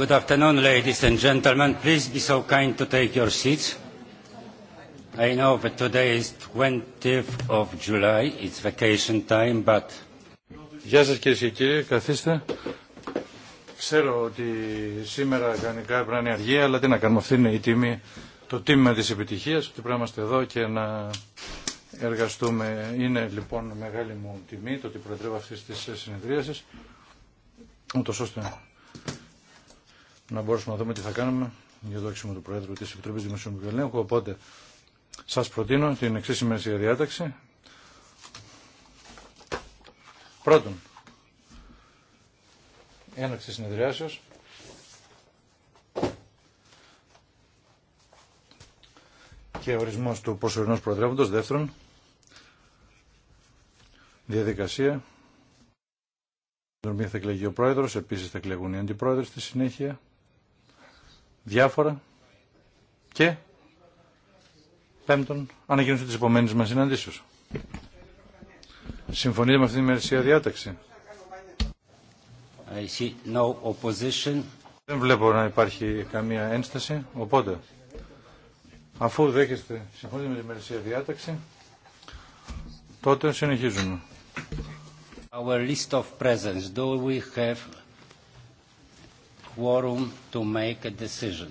Good afternoon, ladies and gentlemen. Please be so kind to take your seats. I know that today is 20th of July. It's vacation time, but... Γεια σας κυρίες και κύριοι, καθίστε. Ξέρω ότι σήμερα κανονικά πρέπει να είναι αργή, αλλά τι να κάνουμε, αυτή είναι η τιμή, το τίμημα της επιτυχίας, ότι πρέπει να είμαστε εδώ και να εργαστούμε. Είναι λοιπόν μεγάλη μου τιμή το ότι προεδρεύω αυτής της συνεδρίασης, ούτως ώστε να μπορέσουμε να δούμε τι θα κάνουμε για το άξιμο του Προέδρου της Επιτροπής Δημοσιονομικού Ελέγχου. Οπότε σας προτείνω την εξής ημερησία διάταξη. Πρώτον, έναρξη συνεδριάσεως. και ορισμός του προσωρινός προεδρεύοντος. Δεύτερον, διαδικασία. Την θα εκλεγεί ο πρόεδρος, επίσης θα εκλεγούν οι αντιπρόεδροι στη συνέχεια διάφορα και πέμπτον ανακοίνωση της επόμενη μας συναντήσεω. Συμφωνείτε με αυτή την ημερησία διάταξη. no Δεν βλέπω να υπάρχει καμία ένσταση, οπότε αφού δέχεστε συμφωνείτε με την ημερησία διάταξη, τότε συνεχίζουμε. Our list of Do we have quorum to make a decision.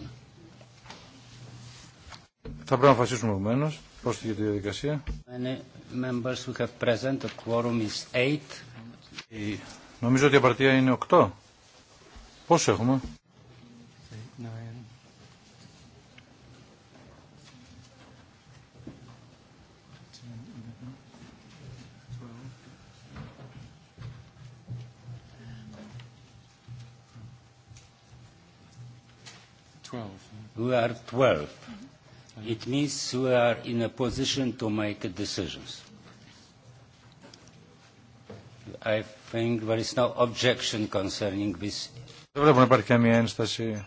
Θα πρέπει να αποφασίσουμε επομένω πώ για τη διαδικασία. Many members who have present, the quorum is eight. Νομίζω ότι η απαρτία είναι 8. Πόσο έχουμε. we are 12. It means we are in a position to make decisions. I think there is no objection concerning this. Δεν βλέπω να υπάρχει καμία ένσταση.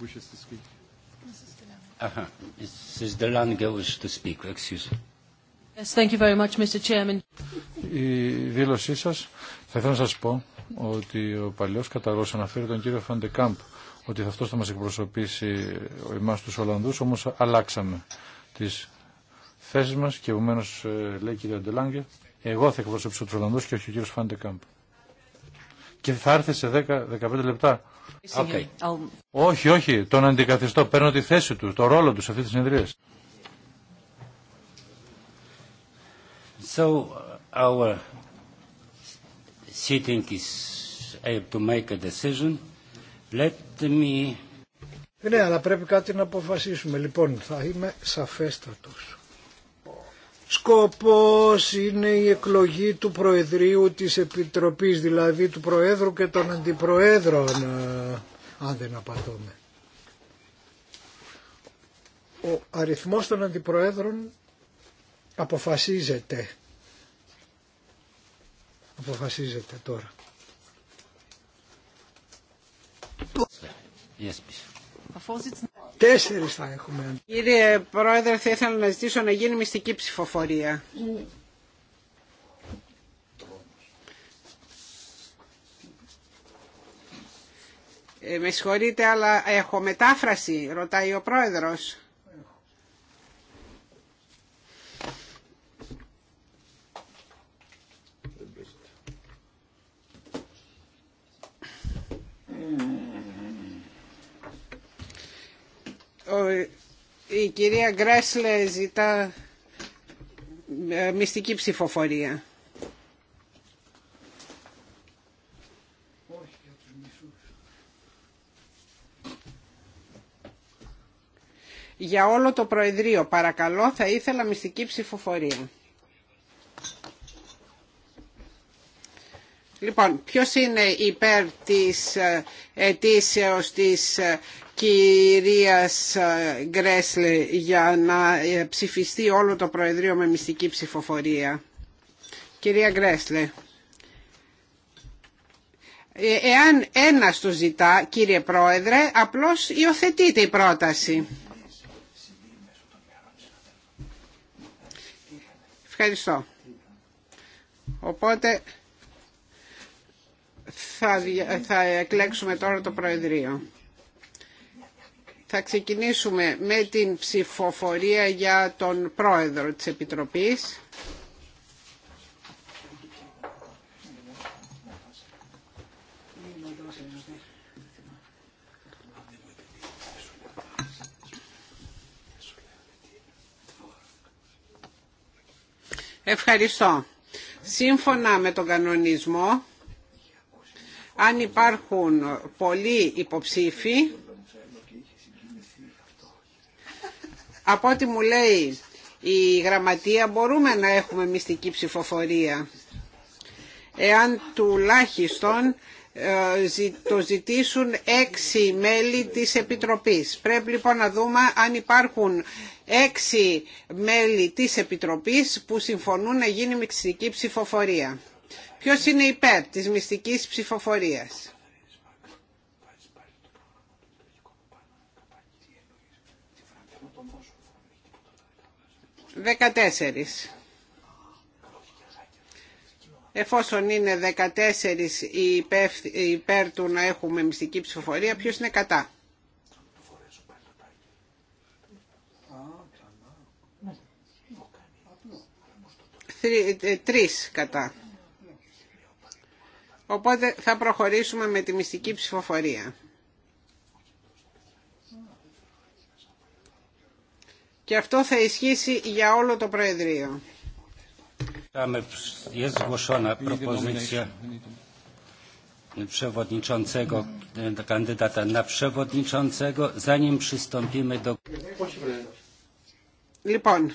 wishes to speak. Aha, Mrs. De Lange wishes to speak, excuse me. Η δήλωσή σα. θα ήθελα να σας πω ότι ο παλιό καταγό αναφέρει τον κύριο Φαντεκάμπ ότι αυτό θα μας εκπροσωπήσει εμά του Ολλανδού, όμω αλλάξαμε τι θέσει μα, και επομένω ε, λέει η κυρία Ντελάνγκε, εγώ θα εκπροσωπήσω του Ολλανδούς και όχι ο κύριο Φαντεκάμπ. Και θα έρθει σε 10-15 λεπτά. Όχι, όχι, τον αντικαθιστώ, παίρνω τη θέση του, το ρόλο του σε αυτή τη συνεδρία. So uh, our sitting is able uh, to make a decision. Let me... Ναι, αλλά πρέπει κάτι να αποφασίσουμε. Λοιπόν, θα είμαι σαφέστατος. Σκοπός είναι η εκλογή του Προεδρίου της Επιτροπής, δηλαδή του Προέδρου και των Αντιπροέδρων, ε, αν δεν απατώμε. Ο αριθμός των Αντιπροέδρων αποφασίζεται αποφασίζεται τώρα. Yes, Τέσσερις θα έχουμε. Κύριε Πρόεδρε, θα ήθελα να ζητήσω να γίνει μυστική ψηφοφορία. Ε, με συγχωρείτε, αλλά έχω μετάφραση, ρωτάει ο Πρόεδρος. Η κυρία Γκρέσλε ζητά ε, μυστική ψηφοφορία. Για όλο το Προεδρείο, παρακαλώ, θα ήθελα μυστική ψηφοφορία. Λοιπόν, ποιος είναι υπέρ της ε, αιτήσεως της ε, κυρίας ε, Γκρέσλε για να ψηφιστεί όλο το Προεδρείο με μυστική ψηφοφορία. Κυρία Γκρέσλε. Εάν ένας το ζητά, κύριε Πρόεδρε, απλώς υιοθετείται η πρόταση. Ευχαριστώ. Οπότε θα, εκλέξουμε τώρα το Προεδρείο. Θα ξεκινήσουμε με την ψηφοφορία για τον Πρόεδρο της Επιτροπής. Ευχαριστώ. Σύμφωνα με τον κανονισμό αν υπάρχουν πολλοί υποψήφοι, από ό,τι μου λέει η γραμματεία μπορούμε να έχουμε μυστική ψηφοφορία. Εάν τουλάχιστον ε, το ζητήσουν έξι μέλη της Επιτροπής. Πρέπει λοιπόν να δούμε αν υπάρχουν έξι μέλη της Επιτροπής που συμφωνούν να γίνει μυστική ψηφοφορία. Ποιος είναι υπέρ της μυστικής ψηφοφορίας. Δεκατέσσερις. Εφόσον είναι 14 υπέρ, υπέρ του να έχουμε μυστική ψηφοφορία, ποιος είναι κατά. Ε, Τρει κατά. Οπότε θα προχωρήσουμε με τη μυστική ψηφοφορία. Και αυτό θα ισχύσει για όλο το Προεδρείο. E, λοιπόν,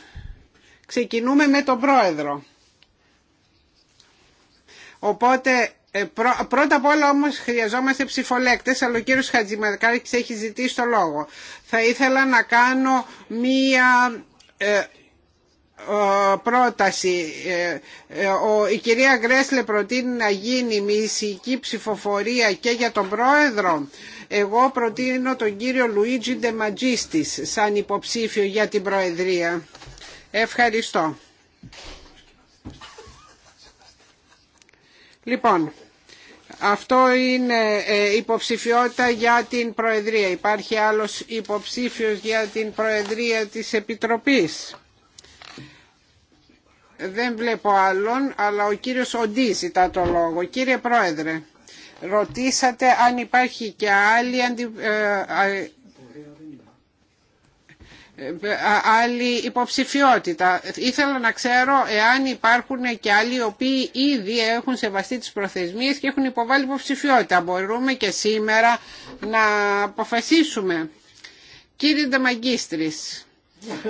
ξεκινούμε με τον Πρόεδρο. Οπότε ε, πρώτα απ' όλα όμως χρειαζόμαστε ψηφολέκτες, αλλά ο κύριος Χατζημαρκάκης έχει ζητήσει το λόγο. Θα ήθελα να κάνω μία ε, ε, πρόταση. η κυρία Γκρέσλε προτείνει να γίνει μισική ψηφοφορία και για τον πρόεδρο. Εγώ προτείνω τον κύριο Λουίτζι Ντεματζίστης σαν υποψήφιο για την Προεδρία. Ευχαριστώ. Λοιπόν, αυτό είναι ε, υποψηφιότητα για την Προεδρία. Υπάρχει άλλος υποψήφιος για την Προεδρία της Επιτροπής. Δεν βλέπω άλλον, αλλά ο κύριος Οντή ζητά το λόγο. Κύριε Πρόεδρε, ρωτήσατε αν υπάρχει και άλλη ε, άλλη υποψηφιότητα. Ήθελα να ξέρω εάν υπάρχουν και άλλοι οι οποίοι ήδη έχουν σεβαστεί τις προθεσμίες και έχουν υποβάλει υποψηφιότητα. Μπορούμε και σήμερα να αποφασίσουμε. Κύριε Δεμαγκίστρης,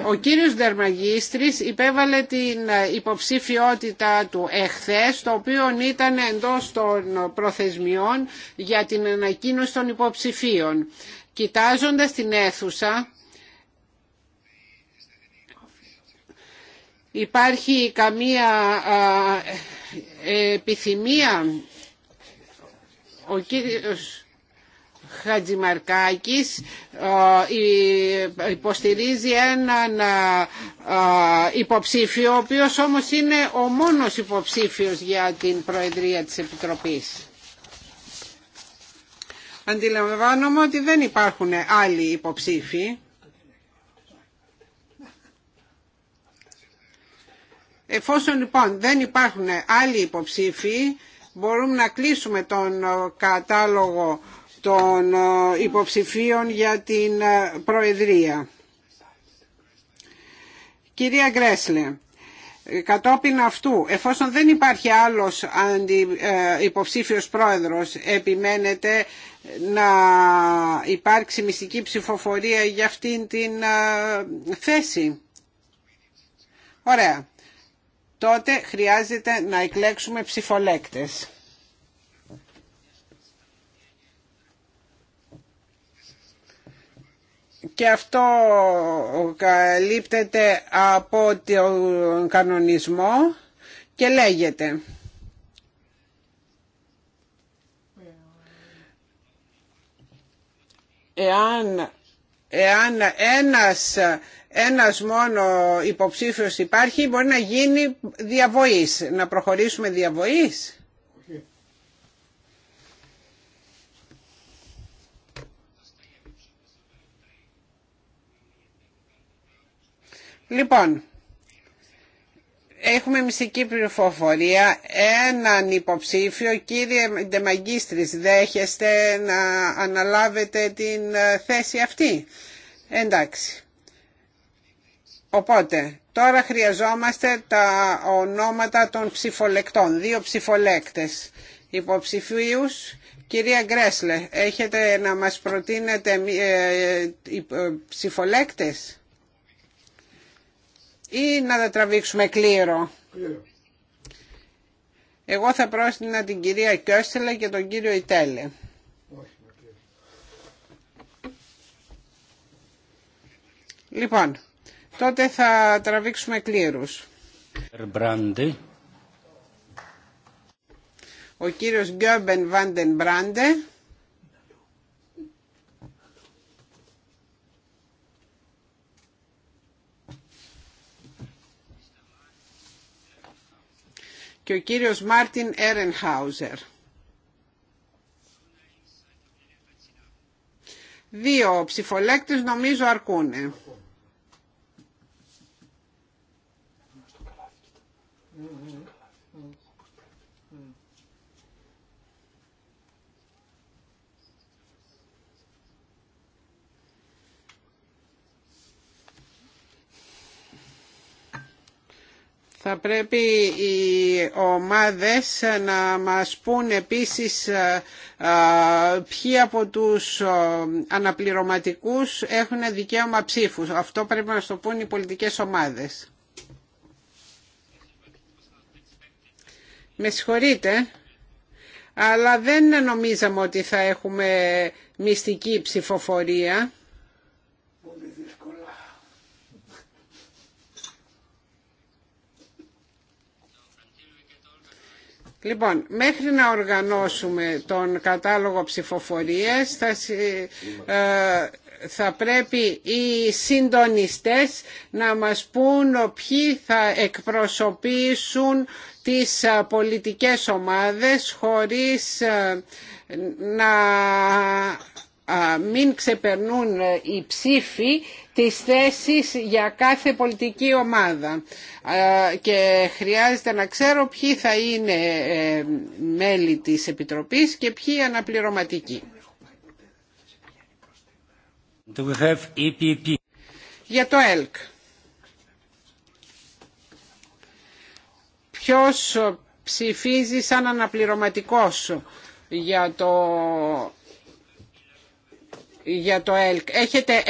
ο κύριος Δερμαγίστρης υπέβαλε την υποψηφιότητα του εχθές, το οποίο ήταν εντός των προθεσμιών για την ανακοίνωση των υποψηφίων. Κοιτάζοντας την αίθουσα, Υπάρχει καμία επιθυμία ο κύριος Χατζημαρκάκης υποστηρίζει έναν υποψήφιο ο οποίος όμως είναι ο μόνος υποψήφιος για την Προεδρία της Επιτροπής. Αντιλαμβάνομαι ότι δεν υπάρχουν άλλοι υποψήφοι. Εφόσον λοιπόν δεν υπάρχουν άλλοι υποψήφοι, μπορούμε να κλείσουμε τον ε, κατάλογο των ε, υποψηφίων για την ε, Προεδρία. Κυρία Γκρέσλε, κατόπιν αυτού, εφόσον δεν υπάρχει άλλος υποψήφιος πρόεδρος, επιμένετε να υπάρξει μυστική ψηφοφορία για αυτήν την θέση. Ωραία τότε χρειάζεται να εκλέξουμε ψηφολέκτες. και αυτό καλύπτεται από τον κανονισμό και λέγεται εάν, εάν ένας ένας μόνο υποψήφιος υπάρχει μπορεί να γίνει διαβοής. Να προχωρήσουμε διαβοής. Λοιπόν, έχουμε μυστική πληροφορία, έναν υποψήφιο, κύριε Ντεμαγκίστρης, δέχεστε να αναλάβετε την ε, θέση αυτή. Εντάξει. Οπότε, τώρα χρειαζόμαστε τα ονόματα των ψηφολεκτών, δύο ψηφολέκτες υποψηφίους. Κυρία Γκρέσλε, έχετε να μας προτείνετε ε, ε, ε, ψηφολέκτες ή να τα τραβήξουμε κλήρο. Εγώ θα πρόστινα την κυρία Κιώσσελα και τον κύριο Ιτέλε. Λοιπόν, τότε θα τραβήξουμε κλήρους. Ο κύριος Γκέμπεν Βάντεν Μπράντε. και ο κύριος Μάρτιν Έρενχάουζερ. Δύο ψηφολέκτες νομίζω αρκούνε. Θα πρέπει οι ομάδες να μας πούν επίσης ε, ε, ποιοι από τους ε, αναπληρωματικούς έχουν δικαίωμα ψήφους. Αυτό πρέπει να το πούν οι πολιτικές ομάδες. Με συγχωρείτε, αλλά δεν νομίζαμε ότι θα έχουμε μυστική ψηφοφορία. Λοιπόν, μέχρι να οργανώσουμε τον κατάλογο ψηφοφορίες θα, ε, θα πρέπει οι συντονιστές να μας πούν ποιοι θα εκπροσωπήσουν τις ε, πολιτικές ομάδες χωρίς ε, να μην ξεπερνούν ε, οι ψήφοι τις θέσεις για κάθε πολιτική ομάδα και χρειάζεται να ξέρω ποιοι θα είναι ε, μέλη της Επιτροπής και ποιοι αναπληρωματικοί. E για το ΕΛΚ. Ποιος ψηφίζει σαν αναπληρωματικός για το για το ΕΛΚ. Έχετε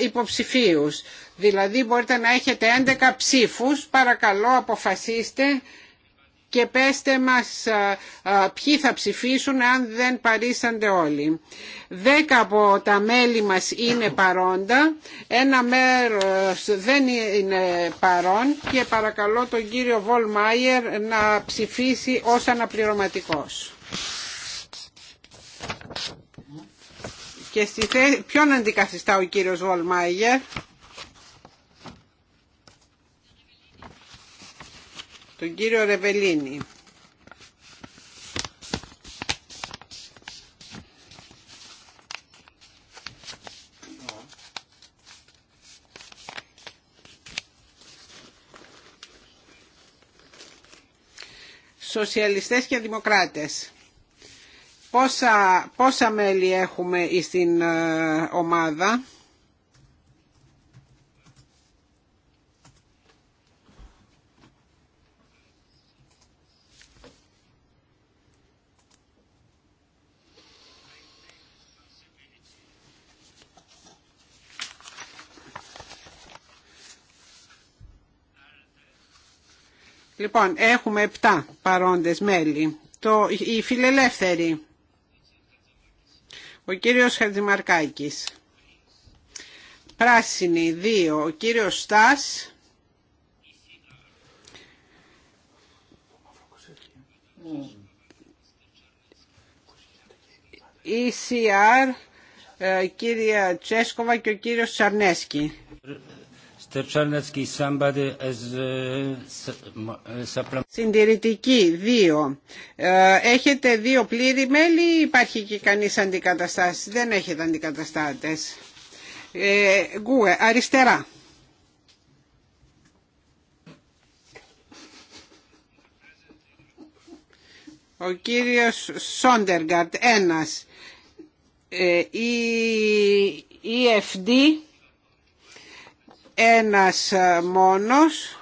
11 υποψηφίους, δηλαδή μπορείτε να έχετε 11 ψήφους. Παρακαλώ αποφασίστε και πέστε μας ποιοι θα ψηφίσουν αν δεν παρήσανται όλοι. Δέκα από τα μέλη μας είναι παρόντα, ένα μέρος δεν είναι παρόν και παρακαλώ τον κύριο Βολμάιερ να ψηφίσει ως αναπληρωματικός. Και στη θέση, ποιον αντικαθιστά ο κύριος Βολμάγερ. Τον κύριο Ρεβελίνη. Σοσιαλιστές και Δημοκράτες. Πόσα, μέλη έχουμε στην ε, ομάδα. Λοιπόν, έχουμε 7 παρόντες μέλη. Το, οι φιλελεύθεροι. Ο κύριος Χατζημαρκάκης. Πράσινη 2. Ο κύριος Στάς. ECR, ε, κύρια Τσέσκοβα και ο κύριος Σαρνέσκι. Ε, Συντηρητική, δύο. Ε, έχετε δύο πλήρη μέλη ή υπάρχει και κανείς αντικαταστάσεις. Δεν έχετε αντικαταστάτες. Ε, γκουε, αριστερά. Ο κύριος Σόντεργαρτ, ένας. Ε, η EFD ένας ε, μόνος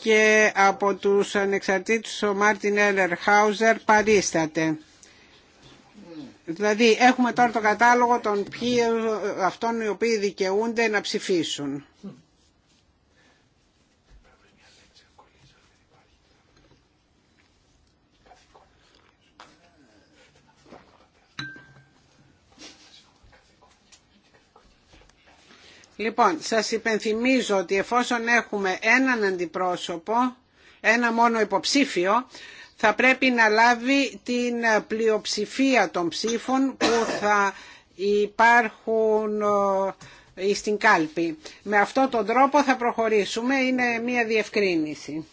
και από τους ανεξαρτήτους ο Μάρτιν Έλερ Χάουζερ παρίσταται. Δηλαδή έχουμε τώρα το κατάλογο των ποιοι, ε, αυτών οι οποίοι δικαιούνται να ψηφίσουν. Λοιπόν, σας υπενθυμίζω ότι εφόσον έχουμε έναν αντιπρόσωπο, ένα μόνο υποψήφιο, θα πρέπει να λάβει την πλειοψηφία των ψήφων που θα υπάρχουν ε, στην κάλπη. Με αυτόν τον τρόπο θα προχωρήσουμε, είναι μια διευκρίνηση.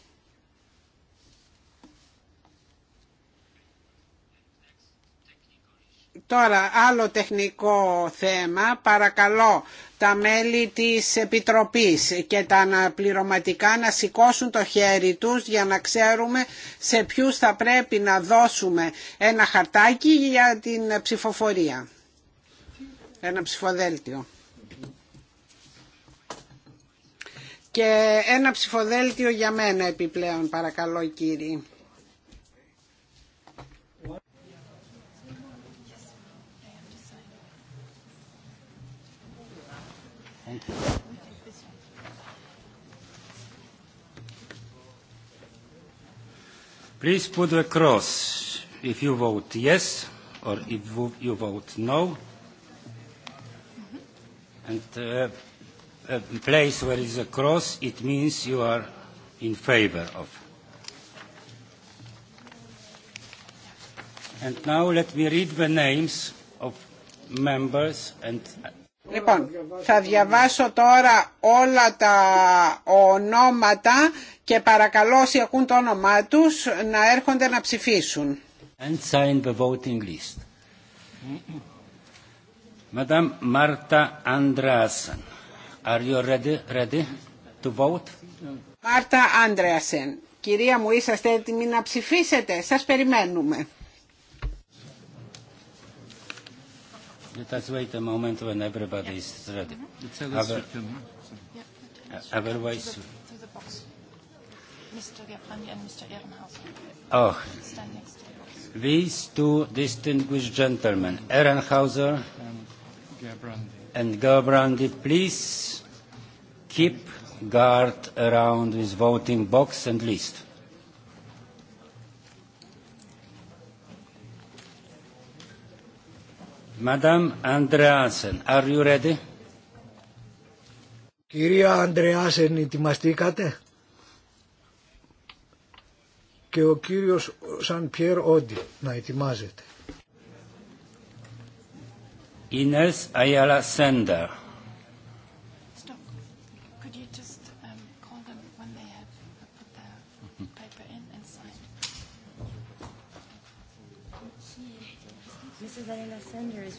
Τώρα άλλο τεχνικό θέμα, παρακαλώ τα μέλη της Επιτροπής και τα αναπληρωματικά να σηκώσουν το χέρι τους για να ξέρουμε σε ποιους θα πρέπει να δώσουμε ένα χαρτάκι για την ψηφοφορία. Ένα ψηφοδέλτιο. Και ένα ψηφοδέλτιο για μένα επιπλέον παρακαλώ κύριοι. Please put a cross if you vote yes or if you vote no. And a place where is a cross, it means you are in favor of. And now let me read the names of members and Λοιπόν, θα διαβάσω τώρα όλα τα ονόματα και παρακαλώ όσοι ακούν το όνομά τους να έρχονται να ψηφίσουν. And Marta Andreasen, are you ready, ready to vote? Marta Andreasen, κυρία μου είσαστε έτοιμοι να ψηφίσετε, σας περιμένουμε. us wait a moment when everybody is ready. Otherwise. Mr. Gabrandi and Mr. Ehrenhauser. Oh. These two distinguished gentlemen, Ehrenhauser and Gerbrandi, please keep guard around this voting box and list. Andreasen, are you Κυρία Αντρεάσεν, ετοιμαστήκατε. Και ο κύριος Σαν Πιέρ Όντι να ετοιμάζεται. Ines Αιάλα Σέντερ.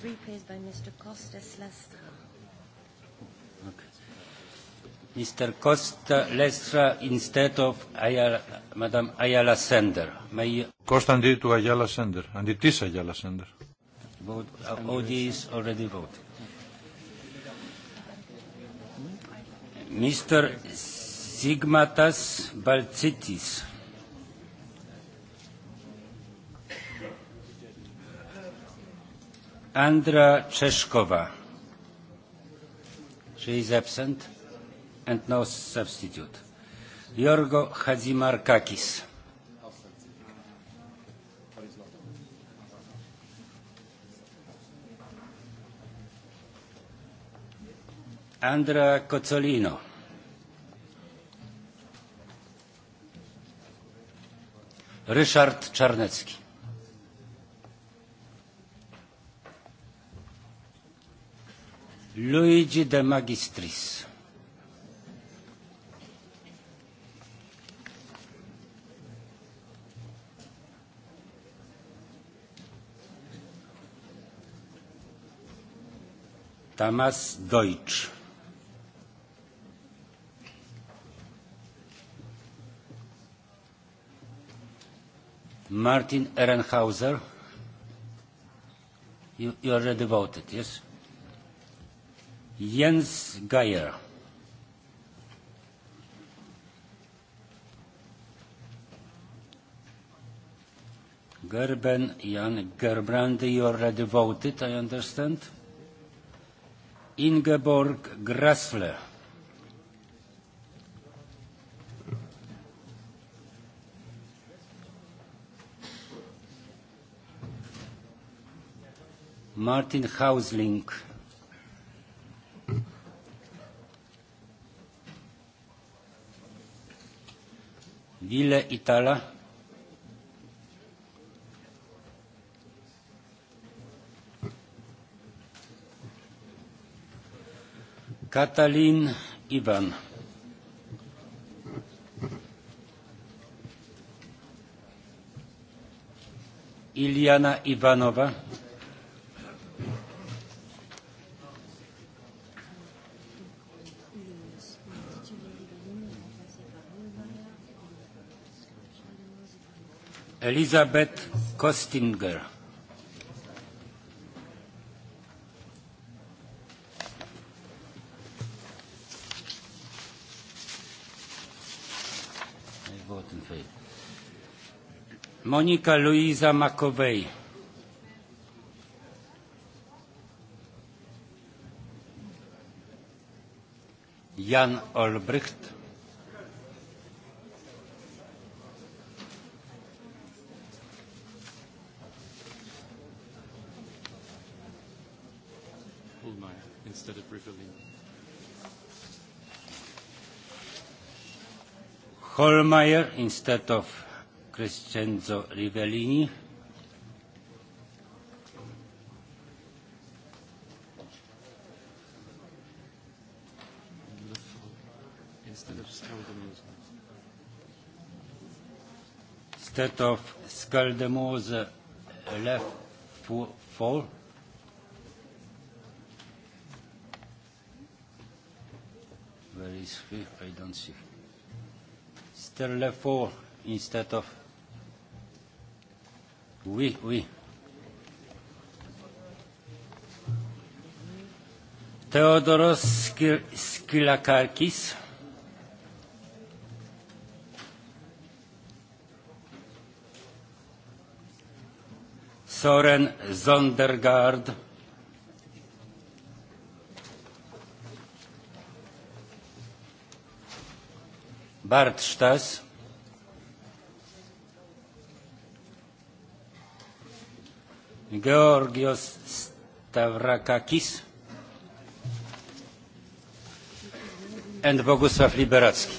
replaced by Mr. Costas Lestra. Mr. Costa Lestra instead of Ayala, Madam Ayala Sender. May... Costa αντί του Ayala Sender. αντί της Sender. Σέντερ. OD is already voted. Mr. Sigmatas Balcitis. Andra Czeszkova. She is absent and no substitute. Hadzimar Kakis. Andra Cozzolino. Ryszard Czarnecki. Luigi De Magistris. Tamas Deutsch. Martin Ehrenhauser. You, you already voted, yes? Jens Geier. Gerben Jan Gerbrand, you already voted, I understand. Ingeborg Grassle. Martin Hausling. Γκίλε Ιταλά. Καταλίν Ιβάν. Ιλιάνα Ιβάνοβα. Elisabeth Kostinger. Monika Luisa Makowej. Jan Olbrycht. Kohlmeier instead of Crescenzo Rivellini. Instead of Skaldemose left four. Where is he? I don't see. Mr. Lefort instead of. Oui, oui. Theodoros Skylakakis. Soren Zondergaard. Bart Stas. Georgios Stavrakakis and Bogusław Liberacki.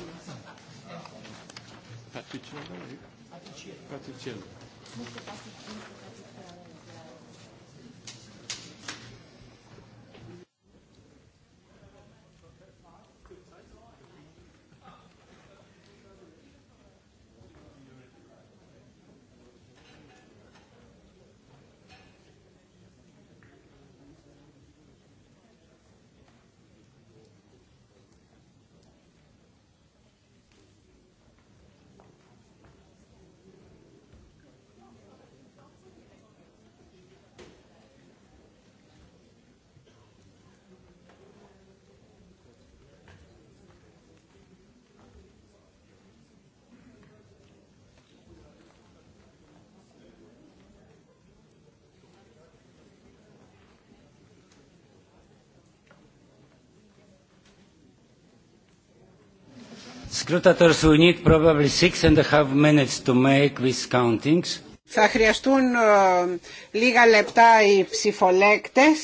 Scrutators, we need probably six and a half minutes to make these countings. Θα χρειαστούν ε, λίγα λεπτά οι ψηφολέκτες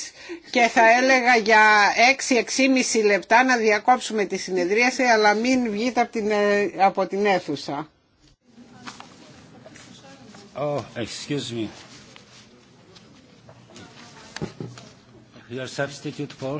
και θα έλεγα για 6-6,5 λεπτά να διακόψουμε τη συνεδρίαση αλλά μην βγείτε από την, ε, από την αίθουσα. Oh, excuse me. Your substitute, Paul.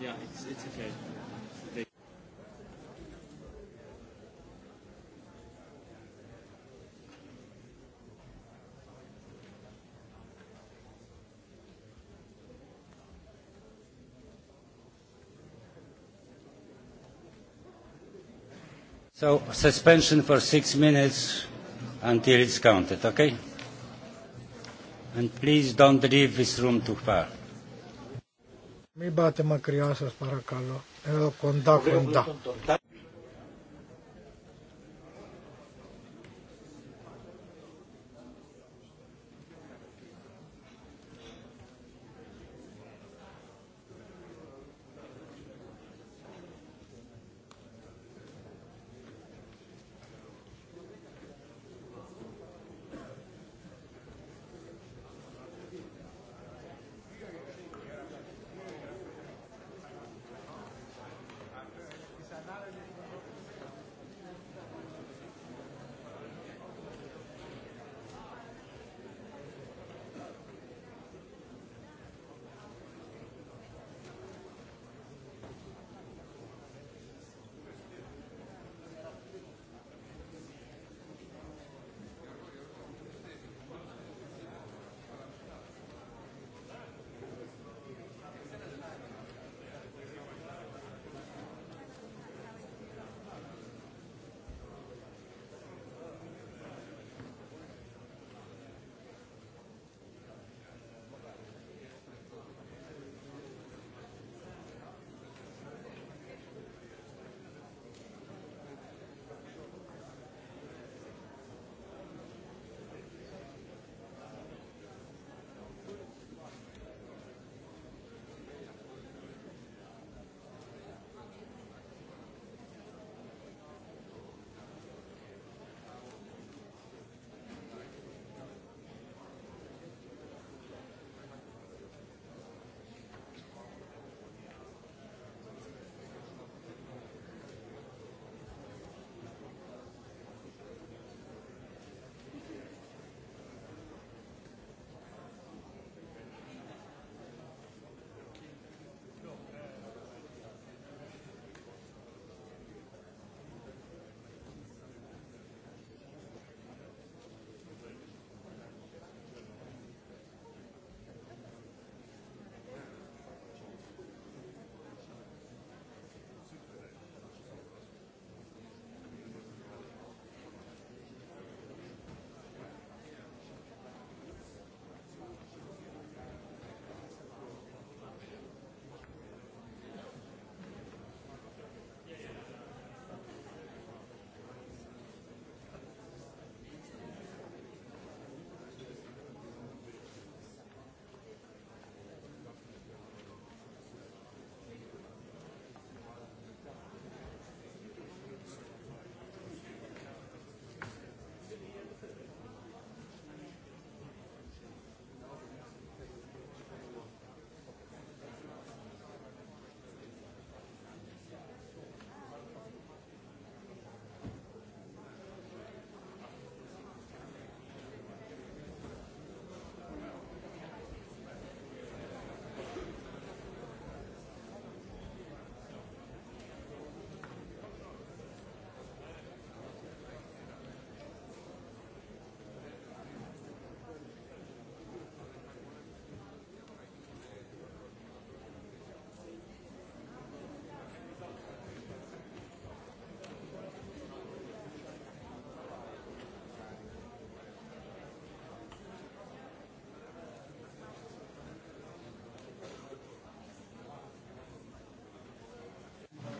Yeah, it's, it's okay. So suspension for six minutes until it's counted, okay? And please don't leave this room too far. Μην πάτε μακριά σας παρακαλώ. Εδώ κοντά κοντά.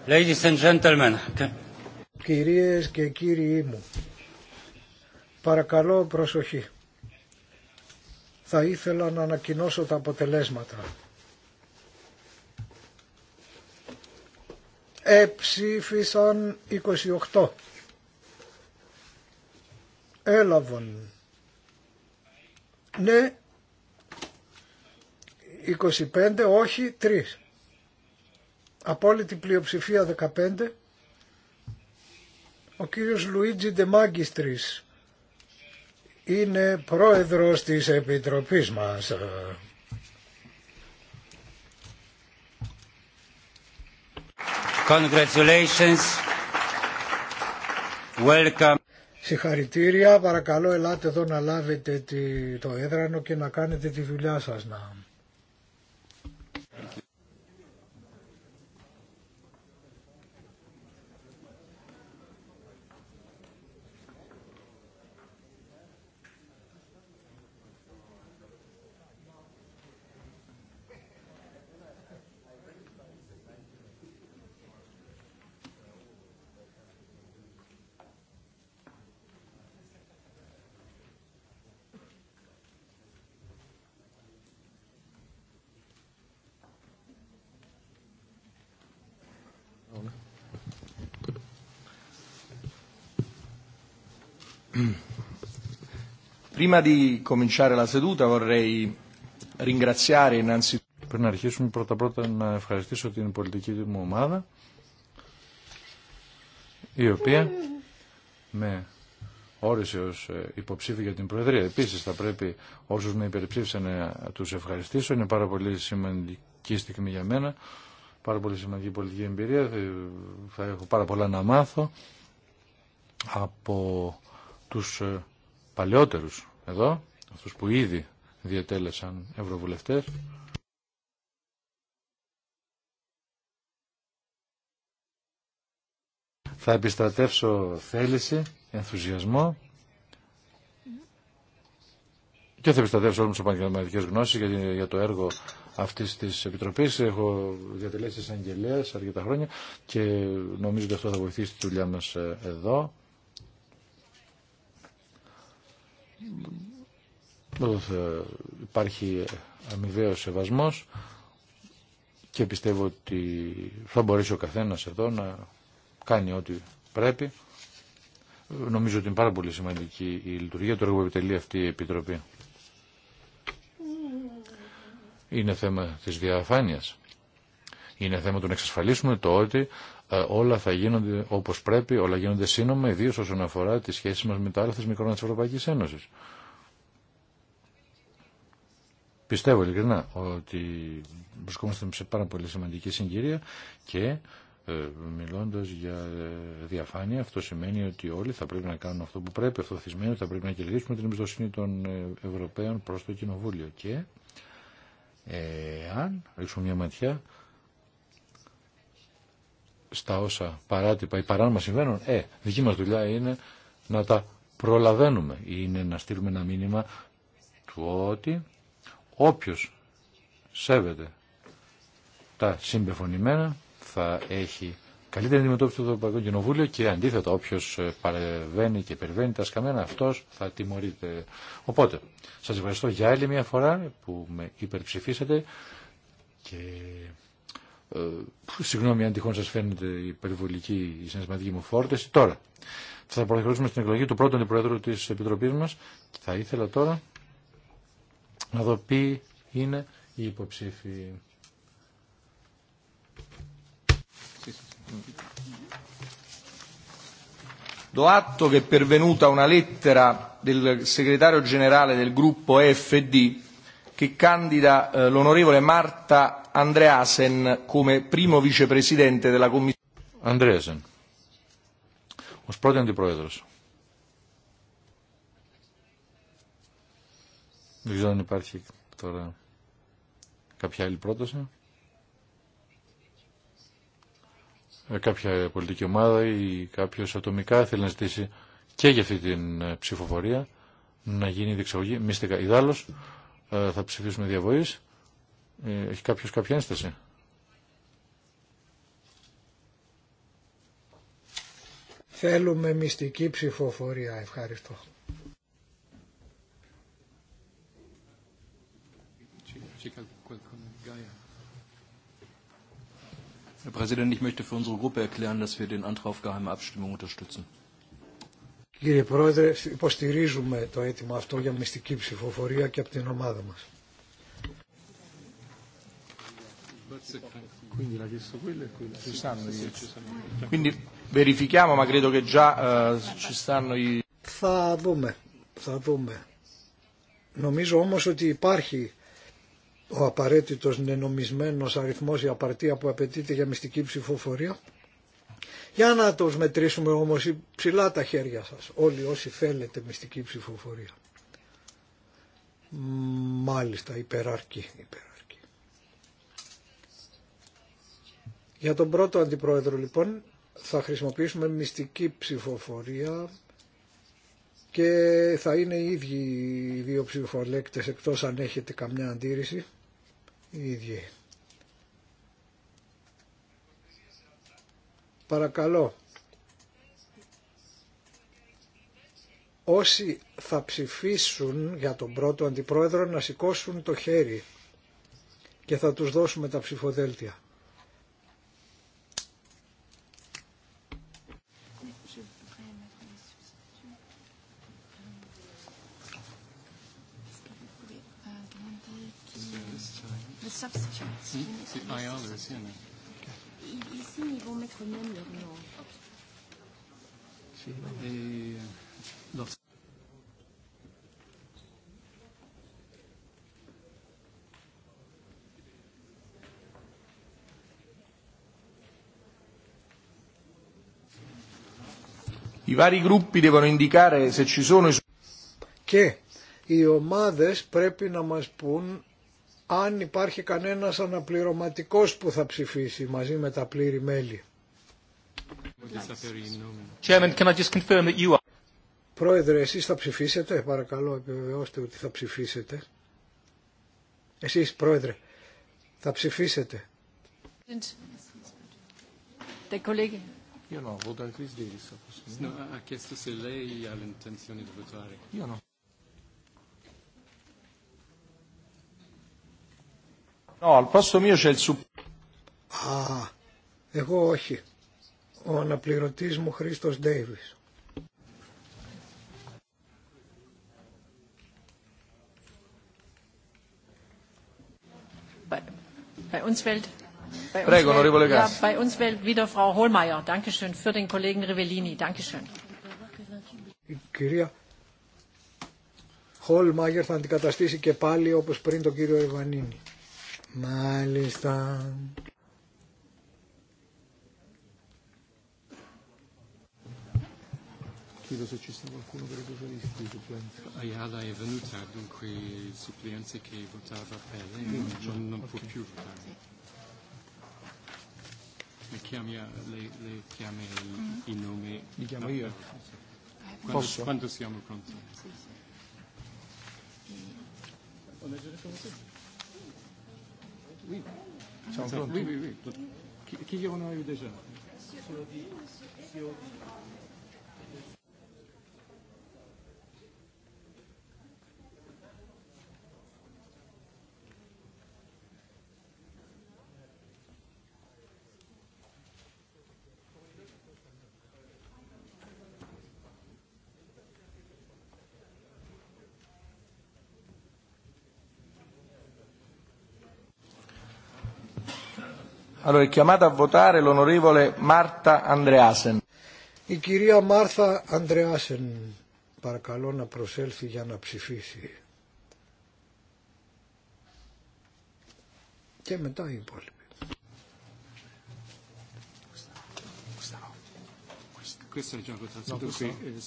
Ladies and gentlemen. Κυρίες και κύριοι μου, παρακαλώ προσοχή. Θα ήθελα να ανακοινώσω τα αποτελέσματα. Εψήφισαν 28. Έλαβαν. Ναι, 25, όχι 3 απόλυτη πλειοψηφία 15 ο κύριος Λουίτζι Ντεμάγκιστρης είναι πρόεδρος της Επιτροπής μας. Congratulations. Welcome. Συγχαρητήρια, παρακαλώ ελάτε εδώ να λάβετε το έδρανο και να κάνετε τη δουλειά σας να... Πριν αρχίσουμε πρώτα πρώτα να ευχαριστήσω την πολιτική μου ομάδα η οποία με όρισε ως ε, υποψήφιο για την Προεδρία. Επίσης θα πρέπει όσους με υπερψήφισαν να τους ευχαριστήσω. Είναι πάρα πολύ σημαντική στιγμή για μένα. Πάρα πολύ σημαντική πολιτική εμπειρία. Θα έχω πάρα πολλά να μάθω από τους ε, παλαιότερους εδώ, αυτούς που ήδη διετέλεσαν ευρωβουλευτές. Θα επιστρατεύσω θέληση, ενθουσιασμό και θα επιστρατεύσω όλες τις επαγγελματικές γνώσεις για το έργο αυτής της Επιτροπής. Έχω διατελέσει σαν αρκετά χρόνια και νομίζω ότι αυτό θα βοηθήσει τη δουλειά μας ε, εδώ. υπάρχει αμοιβαίος σεβασμός και πιστεύω ότι θα μπορέσει ο καθένας εδώ να κάνει ό,τι πρέπει. Νομίζω ότι είναι πάρα πολύ σημαντική η λειτουργία του έργου επιτελεί αυτή η Επιτροπή. Είναι θέμα της διαφάνειας. Είναι θέμα του να εξασφαλίσουμε το ότι ε, όλα θα γίνονται όπως πρέπει, όλα γίνονται σύνομα, ιδίως όσον αφορά τις σχέσεις μας με τα άλλα θεσμικρόνα της Ευρωπαϊκής Ένωσης. Πιστεύω ειλικρινά ότι βρισκόμαστε σε πάρα πολύ σημαντική συγκυρία και ε, μιλώντας για ε, διαφάνεια, αυτό σημαίνει ότι όλοι θα πρέπει να κάνουν αυτό που πρέπει, αυτό θυσμένο, θα πρέπει να κερδίσουμε την εμπιστοσύνη των Ευρωπαίων προς το Κοινοβούλιο. Και ε, αν ρίξουμε μια ματιά στα όσα παράτυπα ή παράνομα συμβαίνουν, ε, δική μας δουλειά είναι να τα προλαβαίνουμε. Είναι να στείλουμε ένα μήνυμα του ότι όποιος σέβεται τα συμπεφωνημένα θα έχει καλύτερη αντιμετώπιση του Ευρωπαϊκού Κοινοβούλιο και αντίθετα όποιος ε, παρεβαίνει και υπερβαίνει τα σκαμμένα αυτός θα τιμωρείται. Οπότε, σας ευχαριστώ για άλλη μια φορά που με υπερψηφίσατε και ε, συγγνώμη αν τυχόν σας φαίνεται η περιβολική, η συναισθηματική μου φόρτιση. Τώρα, θα προχωρήσουμε στην εκλογή του πρώτου αντιπρόεδρου της Επιτροπής μας. Θα ήθελα τώρα να δω ποιοι είναι οι υποψήφοι. Do atto che è pervenuta una lettera del segretario generale del gruppo EFD che candida eh, l'onorevole Marta Andreasen come primo vicepresidente della Commissione. πρώτη αντιπρόεδρο. Δεν ξέρω αν υπάρχει τώρα κάποια άλλη πρόταση. Ε, κάποια πολιτική ομάδα ή κάποιο ατομικά θέλει να ζητήσει και για αυτή την ε, ψηφοφορία να γίνει διεξαγωγή. Μίστηκα. Ιδάλλω ε, θα ψηφίσουμε διαβοή. Ε, έχει κάποιος κάποια ένσταση. Θέλουμε μυστική ψηφοφορία. Ευχαριστώ. Herr Präsident, ich möchte für unsere Gruppe erklären, dass wir den Antrag auf geheime Abstimmung unterstützen. Κύριε Πρόεδρε, υποστηρίζουμε το αίτημα αυτό για μυστική ψηφοφορία και από την ομάδα μας. E θα δούμε, θα δούμε. Νομίζω όμως ότι υπάρχει ο απαραίτητος νενομισμένος αριθμός η απαρτία που απαιτείται για μυστική ψηφοφορία. Για να τους μετρήσουμε όμως ψηλά τα χέρια σας, όλοι όσοι θέλετε μυστική ψηφοφορία. Μάλιστα, υπεραρκή. υπεραρκή. Για τον πρώτο αντιπρόεδρο λοιπόν θα χρησιμοποιήσουμε μυστική ψηφοφορία και θα είναι οι ίδιοι οι δύο ψηφολέκτες εκτός αν έχετε καμιά αντίρρηση οι ίδιοι. Παρακαλώ όσοι θα ψηφίσουν για τον πρώτο αντιπρόεδρο να σηκώσουν το χέρι και θα τους δώσουμε τα ψηφοδέλτια. substitutes. C'est pas grave, c'est Ici, ils vont mettre même leur nom. I vari gruppi devono indicare se ci sono... Che? οι ομάδες πρέπει να μας πούν αν υπάρχει κανένας αναπληρωματικός που θα ψηφίσει μαζί με τα πλήρη μέλη. Πρόεδρε, εσείς θα ψηφίσετε, παρακαλώ επιβεβαιώστε ότι θα ψηφίσετε. Εσείς, Πρόεδρε, θα ψηφίσετε. Io no, voto No, ha chiesto se lei ha l'intenzione di votare. Io no. No, al posto mio c'è il Α, εγώ όχι. Ο αναπληρωτής μου Χρήστος Ντέιβις. Bei uns fällt Prego, onorevole Gas. Ja, bei uns fällt wieder Frau Hohlmeier. Dankeschön für den Kollegen Rivellini. Dankeschön. Κυρία Χολμάγερ θα αντικαταστήσει και πάλι όπως πριν τον κύριο Ιβανίνη. Μάλιστα. chiedo se ci sta qualcuno per i socialisti supplente. Ayala è venuta, dunque il suppliente che votava per lei non, non può più votare. Le chiami, le, le chiami il, il nome. Mi chiamo io. Quando, Posso? quando siamo pronti? sì, a déjà commencé Oui. C'est Oui, Qui, qui en a eu déjà Allora è chiamata a votare l'onorevole Marta Andreasen. Η κυρία Μάρθα Ανδρεάσεν παρακαλώ να προσέλθει για να ψηφίσει. Και μετά οι υπόλοιποι. Questo è già votato, no,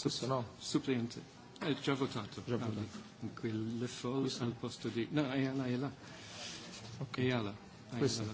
questo, no. Supplente. è già votato, già votato. al posto di... No, è là, è È là,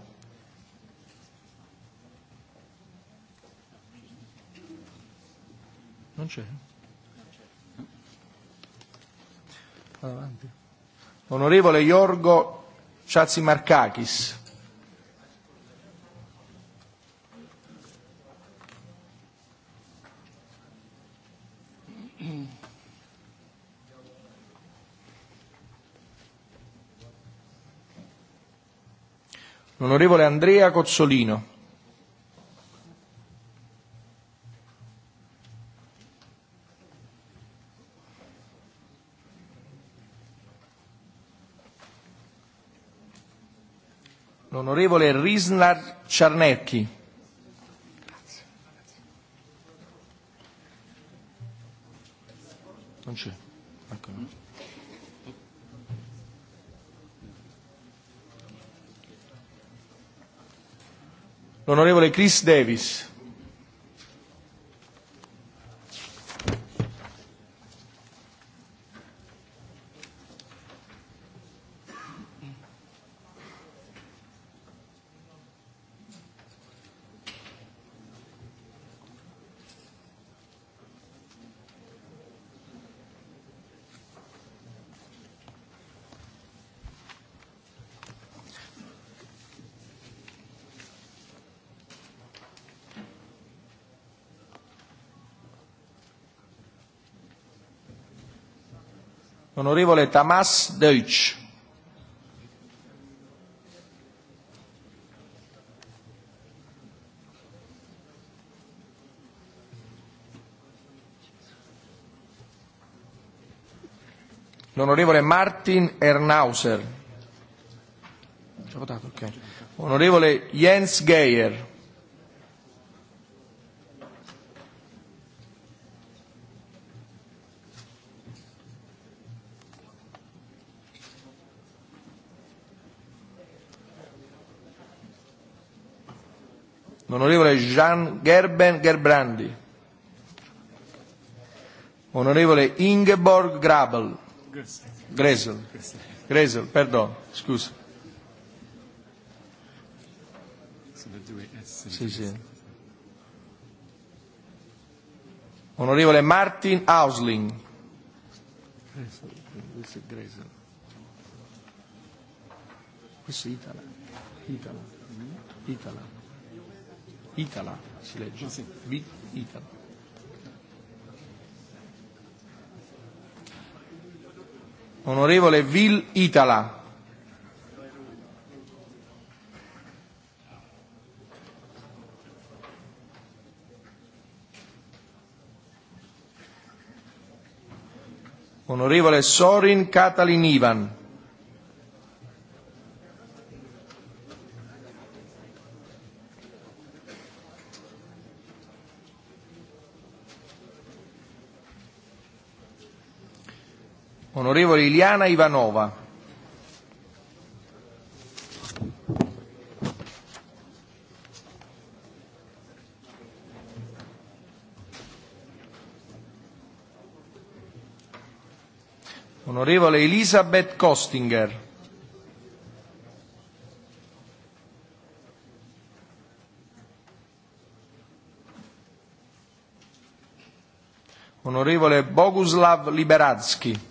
c'è. Onorevole Iorgo Ciazimarkakis. L'onorevole Andrea Cozzolino. Onorevole Risnar Ciarnecchi. Non c'è. Ecco. L'onorevole Chris Davis. Onorevole Tamas Deutsch. L'onorevole Martin Ernauser. Onorevole Jens Geier. Jean Gerben Gerbrandi. Onorevole Ingeborg Grabel. Gresel. Gresel, perdon, scusa. Sì, sì. Onorevole Martin Ausling. Questo è Italia. Itala, si legge. Big Itala. Onorevole Vil Itala. Onorevole Sorin Catalin Ivan. Liliana Ivanova. Onorevole Elisabeth Kostinger. Onorevole Boguslav Liberadski.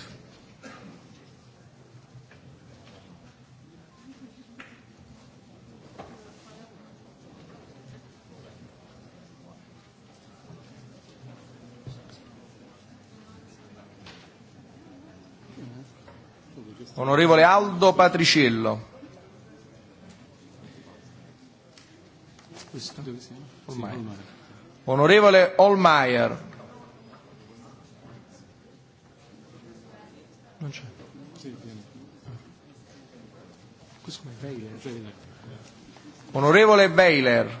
Onorevole Aldo Patriciello. Onorevole Olmaier. Non c'è. Onorevole Weiler.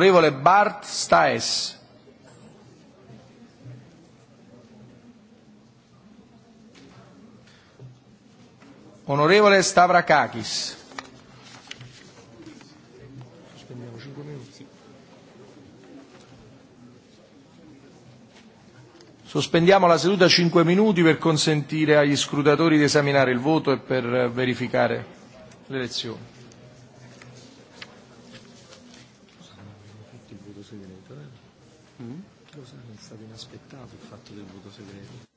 Onorevole Bart Staes. Onorevole Stavrakakis. Sospendiamo la seduta 5 minuti per consentire agli scrutatori di esaminare il voto e per verificare l'elezione. funzionato il fatto del voto segreto?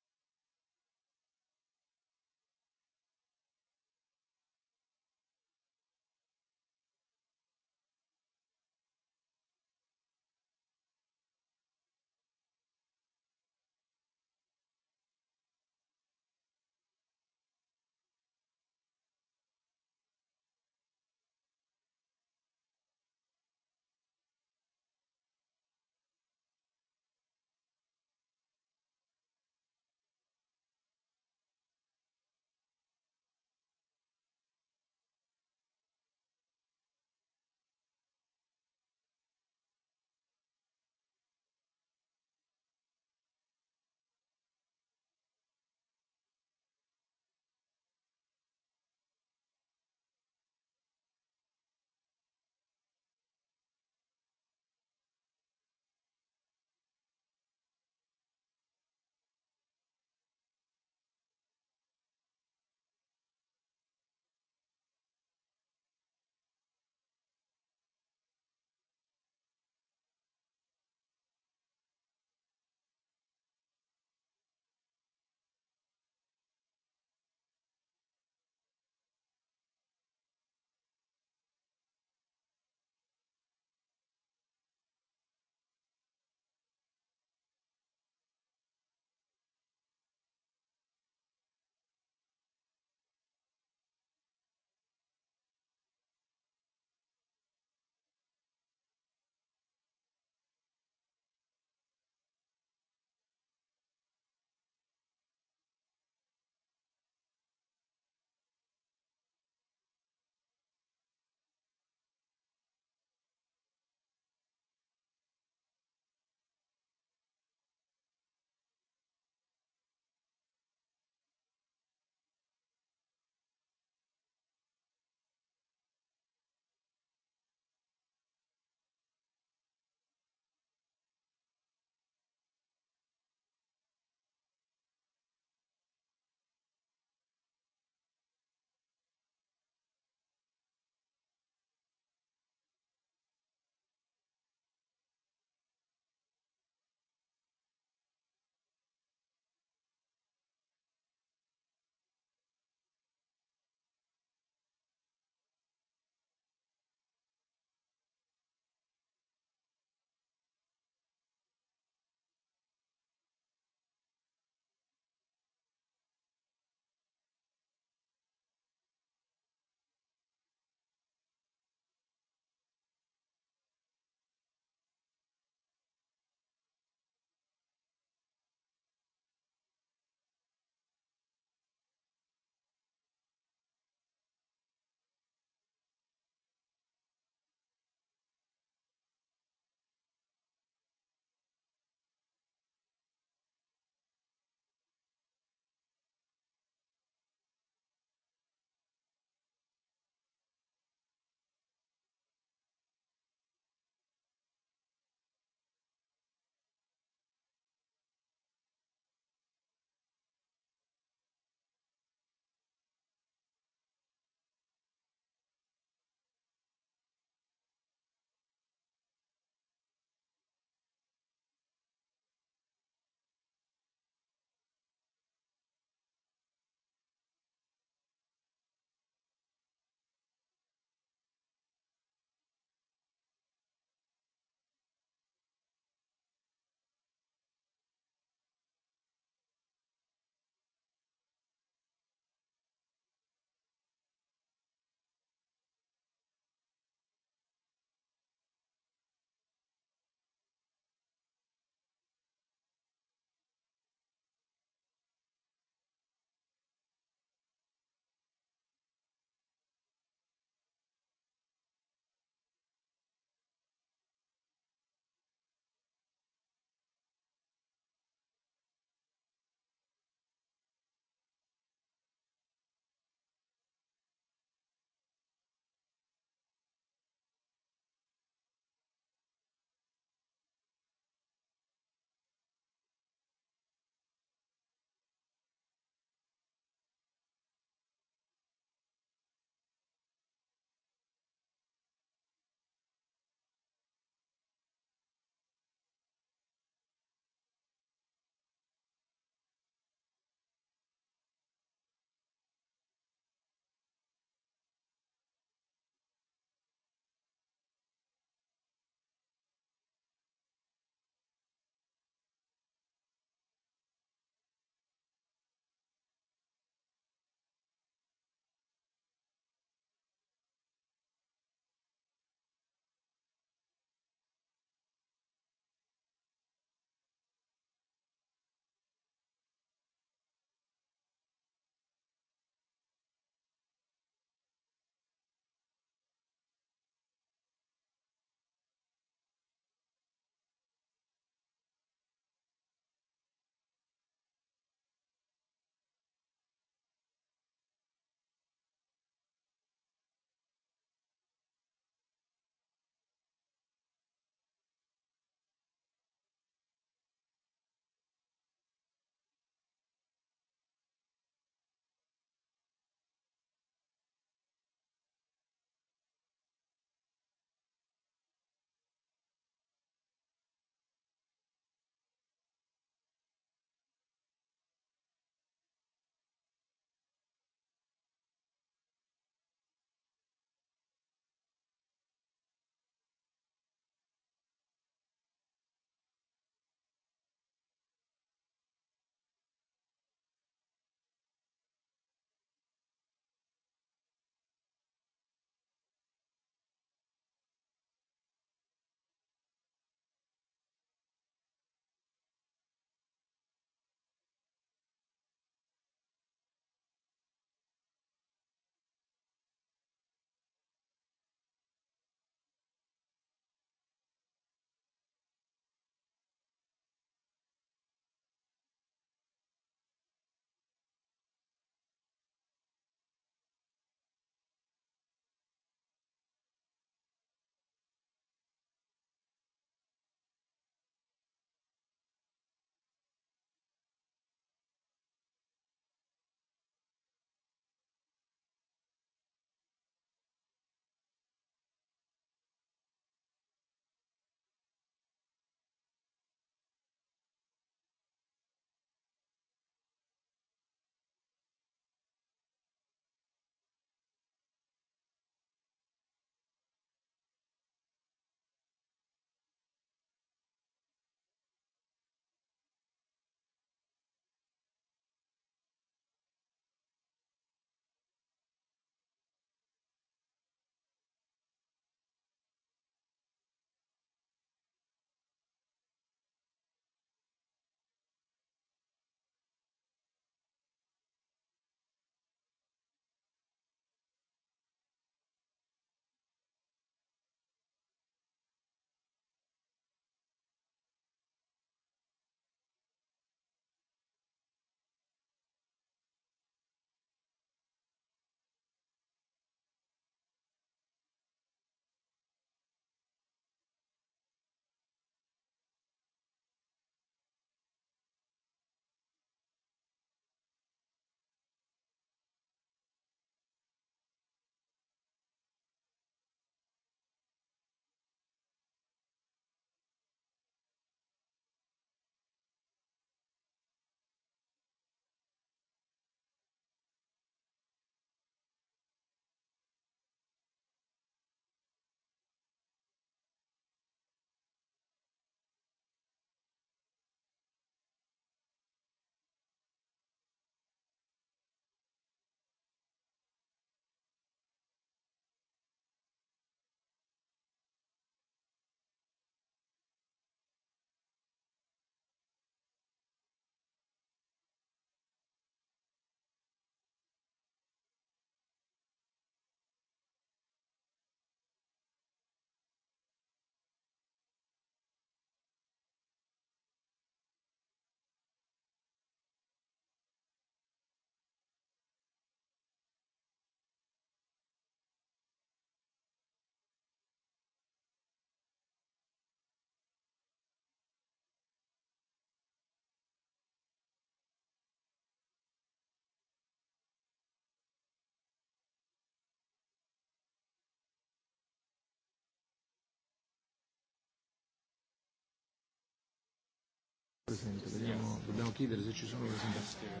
presente. Vediamo, dobbiamo chiedere se ci sono presentazioni.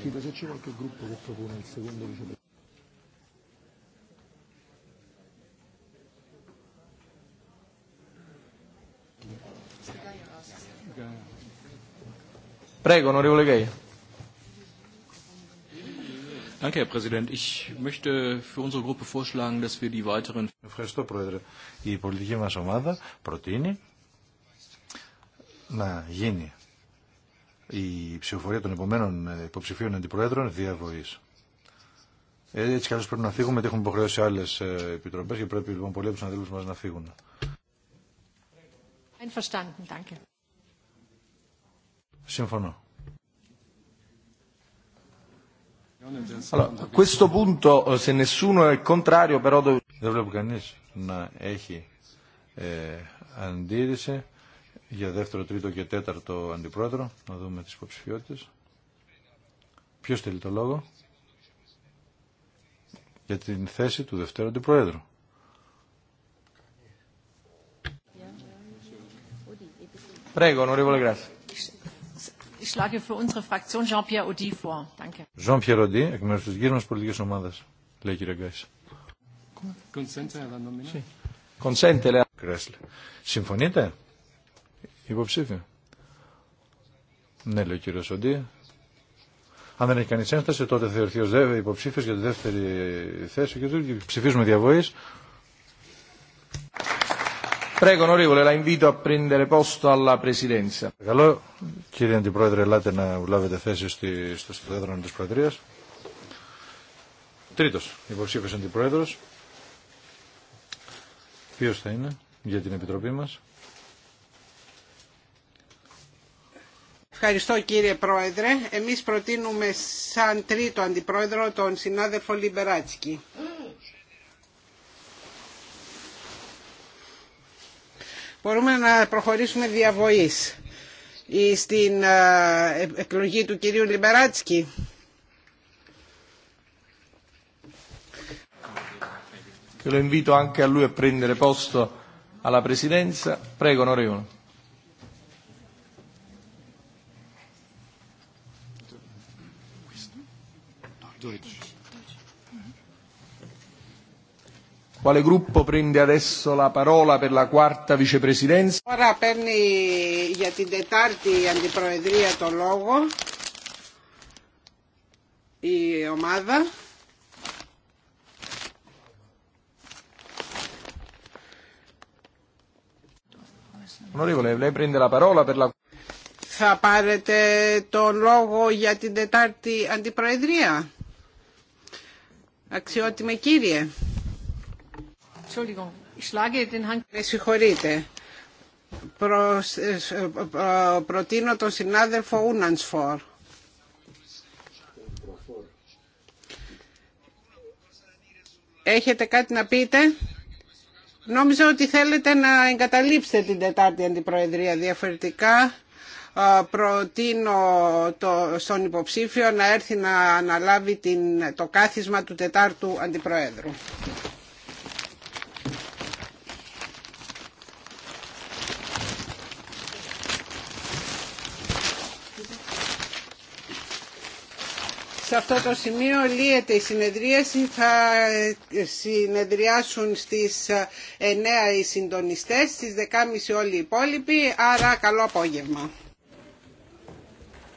Sì, se c'è qualche gruppo che propone il secondo vicepresidente. Prego, onorevole Gaia. Danke, Herr Präsident. Ich möchte für unsere Gruppe vorschlagen, dass wir die weiteren... Ευχαριστώ, Πρόεδρε. Η πολιτική μας ομάδα προτείνει να γίνει η ψηφοφορία των επομένων ε, υποψηφίων αντιπροέδρων διαβοή. Ε, έτσι καλώς πρέπει να φύγουμε, γιατί έχουμε υποχρεώσει άλλε επιτροπέ και πρέπει λοιπόν πολλοί από τους αδέλφους μα να φύγουν. Συμφωνώ. Δεν βλέπω κανείς να έχει ε, αντίρρηση για δεύτερο, τρίτο και τέταρτο αντιπρόεδρο. Να δούμε τις υποψηφιότητες. Ποιος θέλει το λόγο για την θέση του δευτέρου αντιπροέδρου. Πρέγω, νωρίβολε γράφη. Ich schlage für unsere Fraktion Jean-Pierre Audi vor. Danke. Jean-Pierre Audi, εκ μέρους της γύρω μας πολιτικής ομάδας, λέει κύριε Γκάις. Consente la nomina. Consente la... Συμφωνείτε? υποψήφια. Ναι, λέει ο κύριο Σοντή. Αν δεν έχει κανεί ένσταση, τότε θα θεωρηθεί ω υποψήφιο για τη δεύτερη θέση και ψηφίζουμε διαβοή. Prego, invito a prendere posto alla Presidenza. Καλό, κύριε Αντιπρόεδρε, ελάτε να λάβετε θέση στη, στο στεδρόνο τη Προεδρία. Τρίτο υποψήφιο αντιπρόεδρο. Ποιο θα είναι για την Επιτροπή μας. Ευχαριστώ κύριε Πρόεδρε. Εμείς προτείνουμε σαν τρίτο αντιπρόεδρο τον συνάδελφο Λιμπεράτσκι. Μπορούμε να προχωρήσουμε διαβοής στην ε, εκλογή του κυρίου Λιμπεράτσκι. Και lo invito anche a lui a prendere posto alla presidenza. Prego, onorevole. παίρνει για την τετάρτη αντιπροεδρία το λόγο η ομάδα. θα πάρετε το λόγο για την τετάρτη αντιπροεδρία. Αξιότιμε κύριε. Με συγχωρείτε. Ε, ε, προτείνω τον συνάδελφο Ούνανσφορ. Έχετε κάτι να πείτε. Νόμιζα ότι θέλετε να εγκαταλείψετε την Τετάρτη Αντιπροεδρία. Διαφορετικά ε, προτείνω το, στον υποψήφιο να έρθει να αναλάβει την, το κάθισμα του Τετάρτου Αντιπροέδρου. Σε αυτό το σημείο λύεται η συνεδρίαση. Θα ε, συνεδριάσουν στις 9 ε, οι συντονιστές, στις 10.30 όλοι οι υπόλοιποι. Άρα καλό απόγευμα.